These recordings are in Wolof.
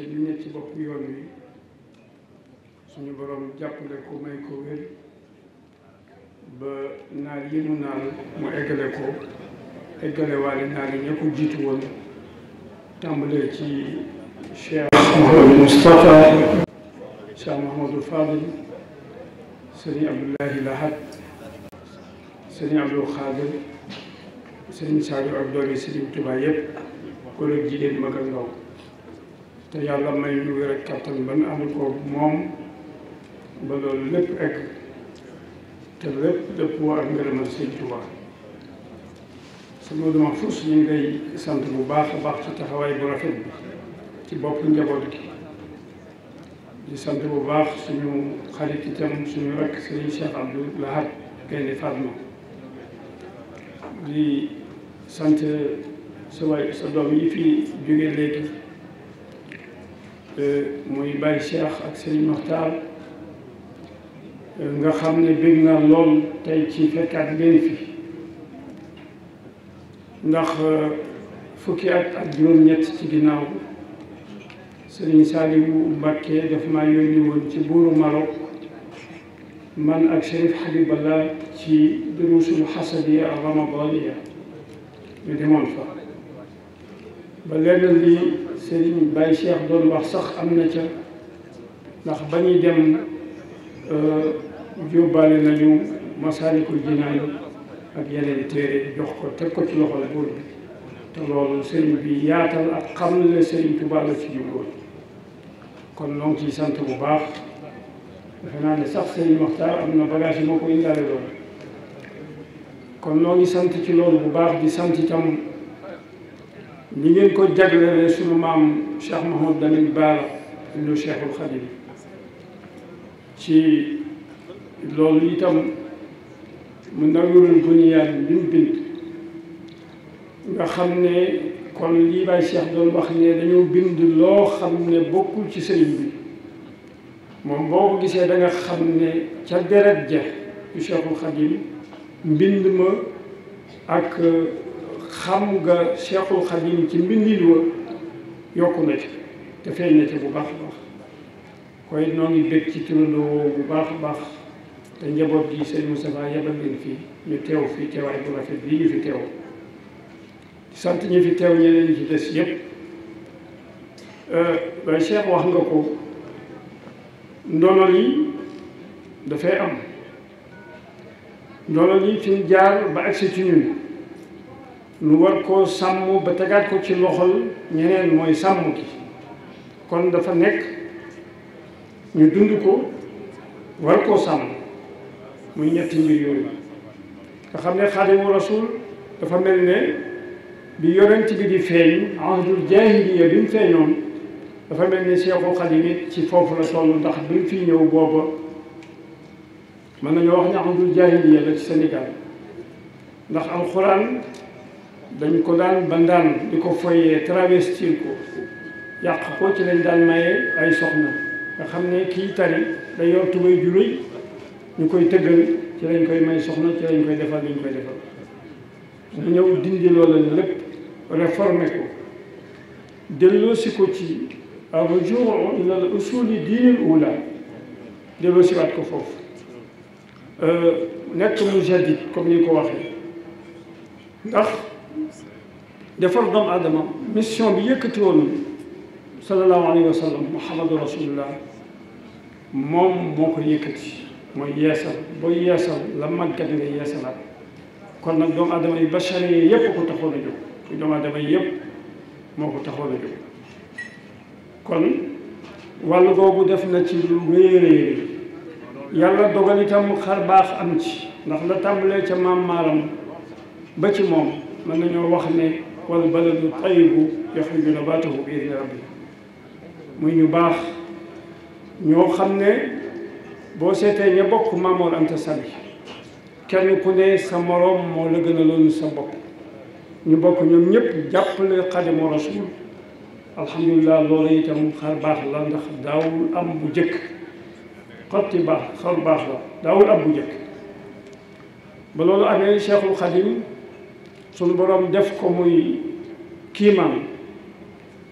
te nekk ci bopp yoon wi suñu borom jàppale ko may ko wér ba naar yi mu naal mu eggale ko eggale waale naar yi ña ko jiitu woon tàmbalee ci Cheikh Mouhamadou Moustapha Cheikh Mouhamadou Fadil sëriñ Abdoulahi Lahad sëriñ Abdou Khadir sëriñ Saliou ak doole sëriñ Touba yëpp ko la jigéen mag ak te yàlla may ñu wér ak kattan ba nu ànd ko moom ba loolu lépp egg te lépp dëppoo ak ngërëmal Sëñ Tuubaa su loolu ma fuus ñu ngi lay sant bu baax a baax ci taxawaay bu rafet bi ci bokk njaboot gi di sant bu baax suñu xarit itam suñu rakk Sëriñ Cheikh Abdou Lahad Gaynde Fatma di sant sa waay sa doom yi fi jóge léegi muy Baye Cheikh ak Serigne Mokhtar nga xam ne bëgg na lool tey ci fekkaat leen fi ndax fukki at ak juróom-ñett ci ginnaaw Serigne Saliou Mbacké daf maa yónni woon ci buuru Maroc man ak Chérif Habiballah ci durusul xasadiya ak ramadaniya ñu demoon fa ba leneen li sëriñ Baye Cheikh doon wax sax am na ca ndax ba ñuy dem euh, yóbbaale nañu Masaalikul Jinaan ak yeneen téere jox ko teg ko ci loxol buur bi te loolu sëriñ bi yaatal ak xam ne sëriñ Tuubaa la ci jubloon kon ñoo ngi sant bu baax defe naa ne sax sëriñ Maxtaar am na bagage yi moo ko indaale loolu kon ñoo sant ci loolu bu baax di sant itam. ni ngeen ko jaglelee sunu maam Cheikh Mahmoud Lamine Bara ibnu Cheikhul Khadim ci loolu itam mu nawirul bunyaan bi mu bind nga xam ne kon lii baay Cheikh doon wax ne dañoo bind loo xam ne bokkul ci sëriñ bi moom boo ko gisee danga xam ne ca deret ja yu Cheikhul Khadim mbind ma ak xam nga Cheikhul Khadim ci mbindin wa yokku na ci te feeñ na ci bu baax baax koy noo ngi bég ci turandoo bu baax baax te njaboot gi sëñ Moustapha yabal leen fii ñu teew fii teewaay bu rafet bii ñu fi teew di sant ñu fi teew ñeneen ñi des yépp euh, waaye Cheikh wax nga ko ndonol yi dafay am ndonol yi fi ñu jaar ba agsi ci ñun nu war koo sàmm ba tegaat ko ci loxol ñeneen mooy sàmm gi kon dafa nekk ñu dund ko war koo sàmm muy ñetti mbir yooyu nga xam ne xaadimu rasul dafa mel ne bi yonent bi di feeñ ahdul jaahiliya bi mu feeñoon dafa mel ne Seexul Xadiim nit ci foofu la toll ndax bi mu fi ñëw booba mën nañoo wax ne ahdul jaahiliya la ci Sénégal ndax alxuraan dañ ko daan bandaan di ko foyee travestir ko yàq ko ci lañ daan mayee ay soxna nga xam ne kii tari day yor tubéy juróy ñu koy tëggal ci lañ koy may soxna ci lañ koy defal li ñu koy defal mu ñëw dindi loolu lépp réformé ko delloosi ko ci arrujuu ila al usuli delloosi waat ko foofu euh, nekk mu jadid comme ni ko waxee ndax defar doomu aadama mission bi yëkkati woon sallallahu alayhi wa sallam muhammadu rasulullah moom moo ko yëkkati mooy yeesal booy yeesal la màggat nga yeesalaat kon nag doomu aadama yi bachari yi a jóg te doomu aadama yi yëpp moo ko taxoon a kon wàll googu def na ci lu réeréer yàlla dogal itam baax am ci ndax la tàmbalee ca maam maaram ba ci moom mën nañoo wax ne wal baladu tayibu yaxruju nabatahu bi idni rabbi muy ñu baax ñoo xam ne boo seetee ña bokk maamoor anta sali kenn ku ne sa moroom moo la gën a loolu sa bopp ñu bokk ñoom ñëpp jàppale xadimu rasul alhamdulilah loola itam xar baax la ndax daawul am bu jëkk xotti baax xar baax la daawul am bu jëkk ba loolu amee cheikhul xadim suñ boroom def ko muy kiimaan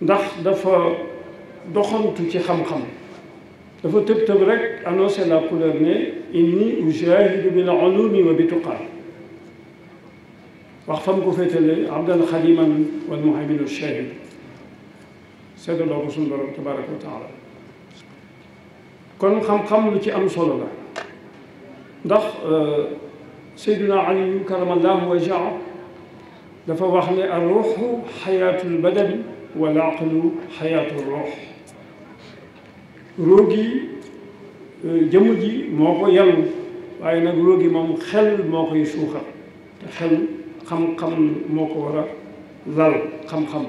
ndax dafa doxantu ci xam-xam dafa tëb tëb rek annoncer la couleur ne inni ujahidu bil ulumi wa bi tuqa wax fam ko féetale abdan xadiman wal muhayminu shahid seddaloo ko suñ boroom tabaraka wa taala kon xam-xam lu ci am solo la ndax euh, sayduna aliyu karamallahu wajaa dafa wax ne ar ruuxu xayaatul badani wal aqlu xayaatul ruux ruux gi euh, ji moo ko yellu waaye nag ruux moom xel moo koy suuxal te xel xam-xam moo ko war a lal xam-xam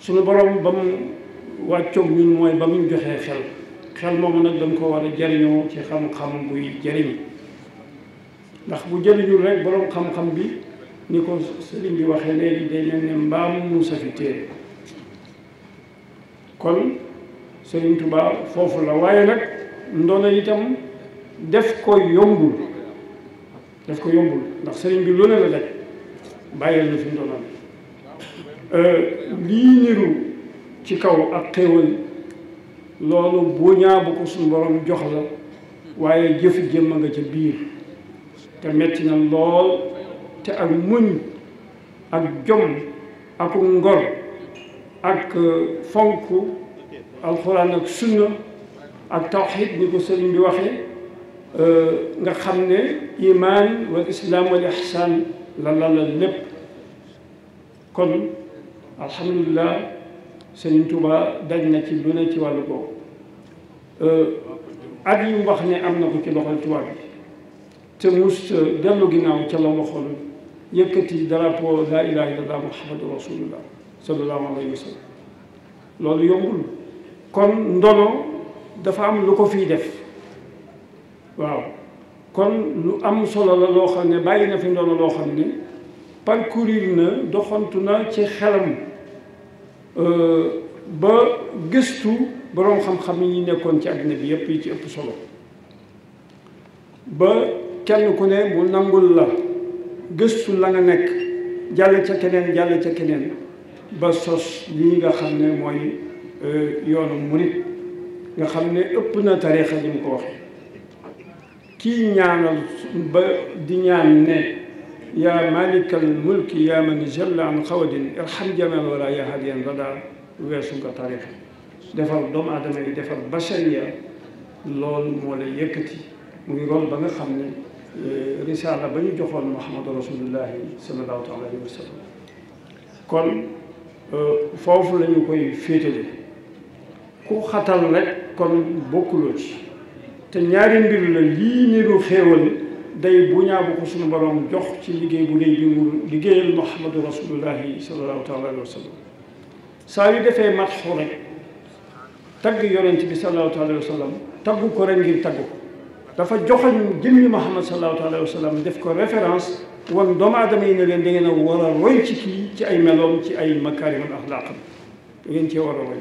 suñu borom ba mu wàccoog ñun mooy ba mu joxee xel xel moomu nag dañ ko war a jariñoo ci xam-xam buy jariñ ndax bu jariñul rek borom xam-xam bi ni ko sëriñ bi waxee léegi day mel ne mbaam mu sa fi téere kon sëriñ Tuubaa foofu la waaye nag ndono itam def ko yombul def ko yombul ndax sëriñ bi lu ne la daj bàyyil na fi ndonam euh, lii niru ci kaw ak xéewal loolu bu ko suñu borom jox la waaye jëf jëmm nga ca biir te metti na lool te ak muñ ak jom ak ngor ak euh, fonk alxuraan ak sunna ak tawxid bi ko sëriñ bi waxee euh, nga xam ne imaan wal islaam wal ihsaan la la la lépp kon alhamdulilah sëriñ tubaa daj na ci lu ne ci wàllu boobu euh, at yu wax ne am na ko ci loxol tubaab bi te mus dellu ginnaaw ca la yëkkati drapeau laa ilaha illallah muhammadu rasulullah sallallahu alayhi wa sallam loolu yombul kon ndono dafa am lu ko fi def waaw kon lu am solo la loo xam ne bàyyi na fi ndono loo xam ne parcourir na doxantu na ci xelam euh, ba gëstu boroom xam-xam yi nekkoon ci àddina bi yépp yi ci ëpp solo ba kenn ku ne mu nangul la gëstu la nga nekk jàll ca keneen jàll ca keneen ba sos lii nga xam ne mooy euh, yoonu murit nga xam ne ëpp na tariixa ji mu ko waxee kii ñaanal ba di ñaan ne yaa malikal mulki yaa man jalla an xawadin irham jamal wala yaa hadiyan radaa weesu nga tariixa defal doomu aadama yi defal bashariya loolu moo lay yëkkati muy rol ba nga xam ne Euh, risaala ba ñu joxoon muhammadu rasulullahi sallallahu taala alayhi wa sallam kon euh, foofu la ñu koy féetale ku xatal rek kon bokkuloo ci te ñaari mbir la lii niru xéewal day bu ñaa bu ko suñu borom jox ci liggéey bu rëy bi mu liggéeyal muhammadu rasulullahi sallallahu taala alayhi wa sallam saa yu defee matxu rek tagg yonent bi sallallahu taala alayhi wa sallam tagg ko rek ngir tagg ko dafa joxoñ jëmmi Muhammad sallallahu alayhi wa sallam def ko référence wan doomu aadama yi ne leen da ngeen a war a roy ci fii ci ay meloom ci ay makaarimul axlaaqam da ngeen cee war a roy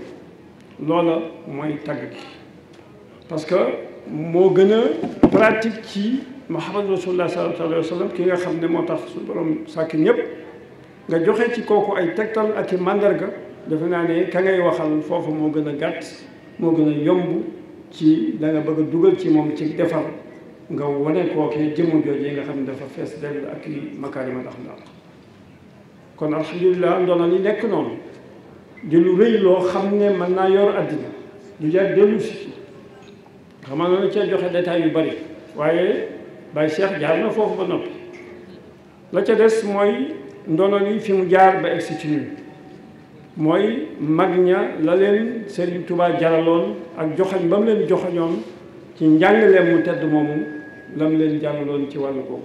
loola mooy tagg gi parce que moo gën a pratique ci Muhammad rasulullah sallallahu alayhi wa sallam ki nga xam ne moo tax su borom sàkk ñëpp nga joxe ci kooku ay tegtal ak i màndarga defe naa ne ka ngay waxal foofu moo gën a gàtt moo gën a yomb ci da nga bëgg dugal ci moom ci defar nga wane kookee jëmm jooju nga xam ne dafa fees dell ak i makaarimal axlaaq kon alhamdulilah ndono li nekk noonu di lu rëy loo xam ne mën naa yor àddina lu jar dellu si xamaa nga cee joxe détails yu bari waaye Baye Cheikh jaar na foofu ba noppi la ca des mooy ndono li fi mu jaar ba egsi mooy mag ña la leen Serigne Touba jaraloon ak joxañ ba mu leen joxañoon ci njàngaleem mu tedd moomu la mu leen jàngaloon ci wàllu boobu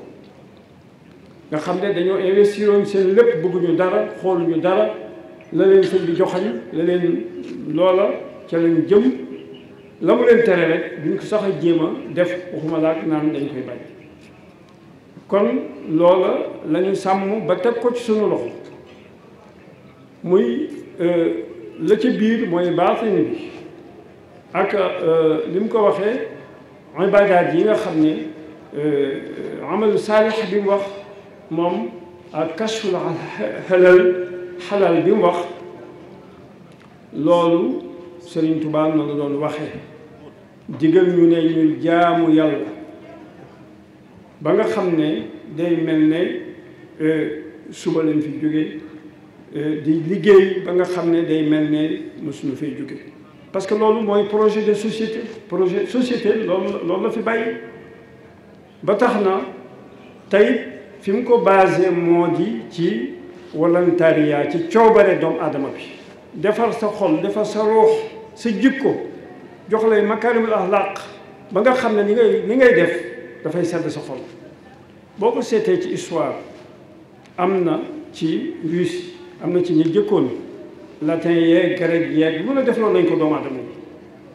nga xam ne dañoo investiroon seen lépp bëgguñu dara xooluñu dara la leen sëñ bi joxañ la leen loola ca leen jëm la mu leen tere rek duñ ko sax a jéem def waxuma naan dañ koy bañ kon loola lañu sàmm ba teg ko ci sunu loxo muy Euh, la ca biir mooy baatini bi ak li euh, mu ko waxee ibaadaat yi nga xam ne euh, amalu saalix bi mu wax moom ak kashful xalal xalal bi mu wax loolu Sëriñ Tuubaa na la doon waxee digal ñu ne ñu jaamu yàlla ba nga xam ne day mel ne suba lañ fi jóge Euh, di liggéey ba nga xam ne day mel ne mosuñu fay jóge parce que loolu mooy projet de société projet société loolu loolu la fi bàyyi ba tax na tey fi mu ko basé moo di ci volontariat ci coobare doomu aadama bi defar sa xol defar sa ruux sa jikko jox lay makaarimul axlaaq ba nga xam ne li ngay li ngay def dafay sedd sa xol boo ko seetee ci histoire am na ci Russie am na ci ñu jëkkoon latin yeeg grec yeeg lu ne def loolu nañ ko doomu aadama yi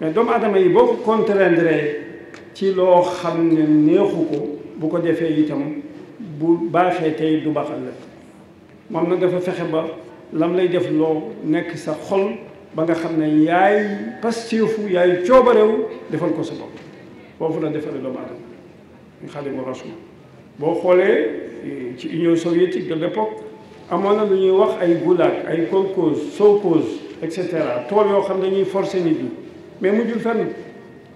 mais doomu aadama yi boo ko contraindre ci loo xam ne neexu ko bu ko defee itam bu baaxee tey du baax la moom nag dafa fexe ba lam lay def loo nekk sa xol ba nga xam ne yaay pasteefu yaay coobarewu defal ko sa bopp foofu la defaree doomu aadama ñu xale bu rasul boo xoolee eh, ci Union soviétique de l'époque amoon na lu ñuy wax ay gulaag ay kolkose sowkose et cetera tool yoo xam ne dañuy force nit ñi mais mujjul fenn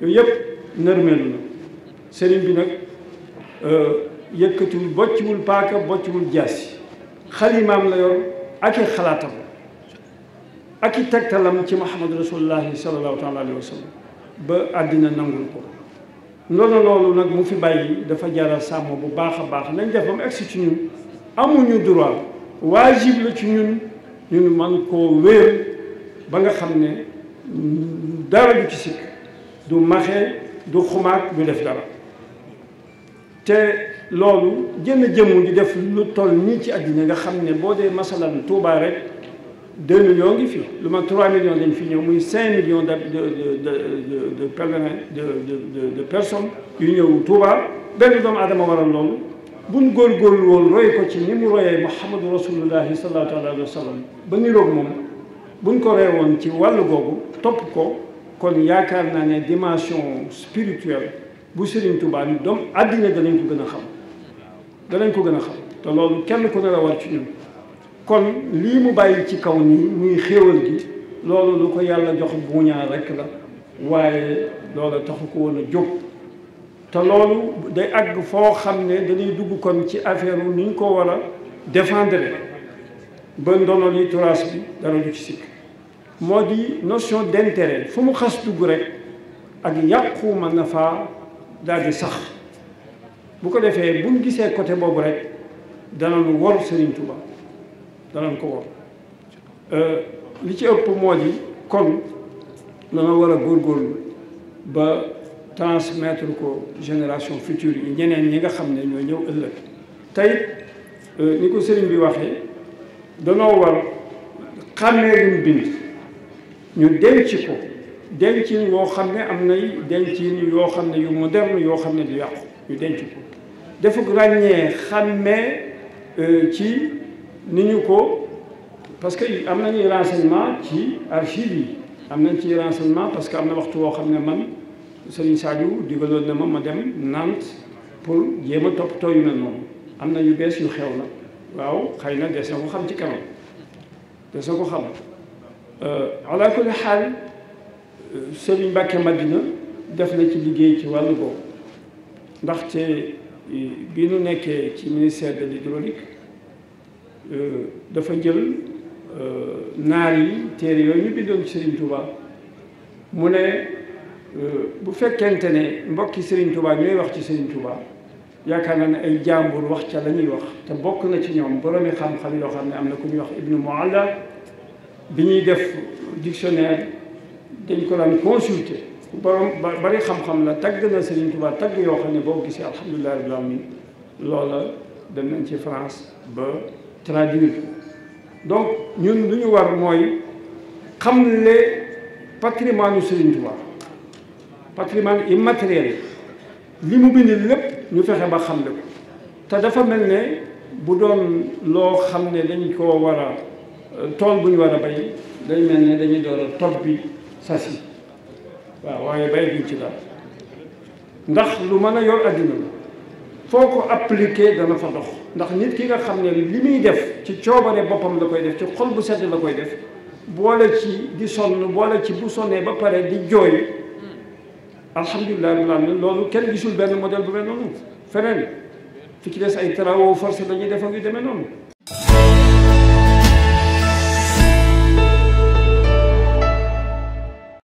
yooyu yëpp nërmeelu na sëriñ bi nag euh, yëkkatul bocciwul paaka bocciwul jaasi xalimaam la yor ak i xalaatam ak i tegtalam ci Muhammad rasulullahi sallallahu taala alayhi wa sallam ba àddina nangul ko loolu nag mu fi bàyyi dafa jara sàmm bu baax a baax nañ def defam egsi ci ñun amuñu droit waajib la ci ñun ñun man koo wéer ba nga xam ne dara du ci sikk du maxe du xumaat du def dara te loolu jënn jëmm di def lu toll nii ci àddina nga xam ne boo dee masalan Touba rek deux millions ngi fi lu ma trois millions dañ fi ñëw muy cinq millions de de de de de personnes yu ñëw Touba benn doomu aadama waral loolu bu buñ góorgóorlu woon roy ko ci ni mu royee muhammadu rasulullahi sallallahu alayhi wa sallam ba niroog moom buñ ko roy woon ci wàll googu topp ko kon yaakaar naa ne dimension spirituelle bu Serigne Touba yi doom àddina danañ ko gën a xam danañ ko gën a xam te loolu kenn ku ne la ci ñun kon lii mu bàyyi ci kaw nii muy xéewal gi loolu lu ko yàlla jox buñaa rekk la waaye loola taxu ko woon a jóg te loolu day àgg foo xam ne dañuy dugg kon ci affaire ni ñu ko war a défendre ba ndono li turaas bi dara du ci sikk moo di notion d'intérêt fu mu xas dugg rek ak yàqu mën na faa daal di sax bu ko defee buñ gisee côté boobu rek danañ wor Serigne Touba danañ ko wor euh, li ci ëpp moo di kon dana war a góorgóorlu ba transmettre ko génération future yi ñeneen ñi nga xam ne ñoo ñëw ëllëg tey euh, ni ko sëriñ bi waxee danoo war xàmmee luñ bind ñu denc ko dencin woo xam ne am nay dencin yoo xam ne yu moderne yoo xam ne du yàqu ñu denc ko dafa ràññee xàmmee euh, ci ni ñu ko parce que am nañuy renseignement ci archive yi am nañ ci renseignement parce que am na waxtu woo xam ne man Serigne Sadiou digaloon ne ma ma dem Nantes pour jéem a tooyu yu mel noonu am na yu bees yu xew na waaw xëy na des na ko xam ci kanam des na ko xam euh, ala kulli xaal Serigne Mbacke Madina def na ci liggéey ci wàllu boobu ndaxte bi nu nekkee ci ministère de l'hydraulique euh, dafa jël euh, naar yi téere yooyu ñu bindoon ci Serigne mu ne. Euh, bu fekkente ne mbokki seriñ Touba ñooy wax ci Serigne Touba yaakaar naa ne ay jàmbur wax ca la wax te bokk na ci ñoom boromi xam-xam yoo xam ne am na ku ñuy wax Ibnu Mualla bi ñuy def dictionnaire dañ ko daan consulter borom bari xam-xam la tagg na Serigne tubaa tagg yoo xam ne boo gisee alhamdulilah rabbil alamin loola dem nañ ci France ba traduire donc ñun lu ñu war mooy xam le patrimoine u Serigne Touba patrimoine immatériel li mu bind lépp ñu fexe ba xam ne ko te dafa mel ne bu doon loo xam ne dañ ko war a euh, ton bu ñu war a bay day mel ne dañuy door a topp bi sas yi waaw waaye bay duñ ci dara ndax lu mën a yor adduna la foo ko appliqué dana fa dox ndax nit ki nga xam ne li muy def ci coobare boppam la koy def ci xol bu sedd la koy def boole ci di sonn boole ci bu sonnee ba pare di jooy alhamdulilah rabbil alamin loolu kenn gisul benn modèle bu mel noonu feneen fi ci des ay travaux forcés dañuy def ak yu demee noonu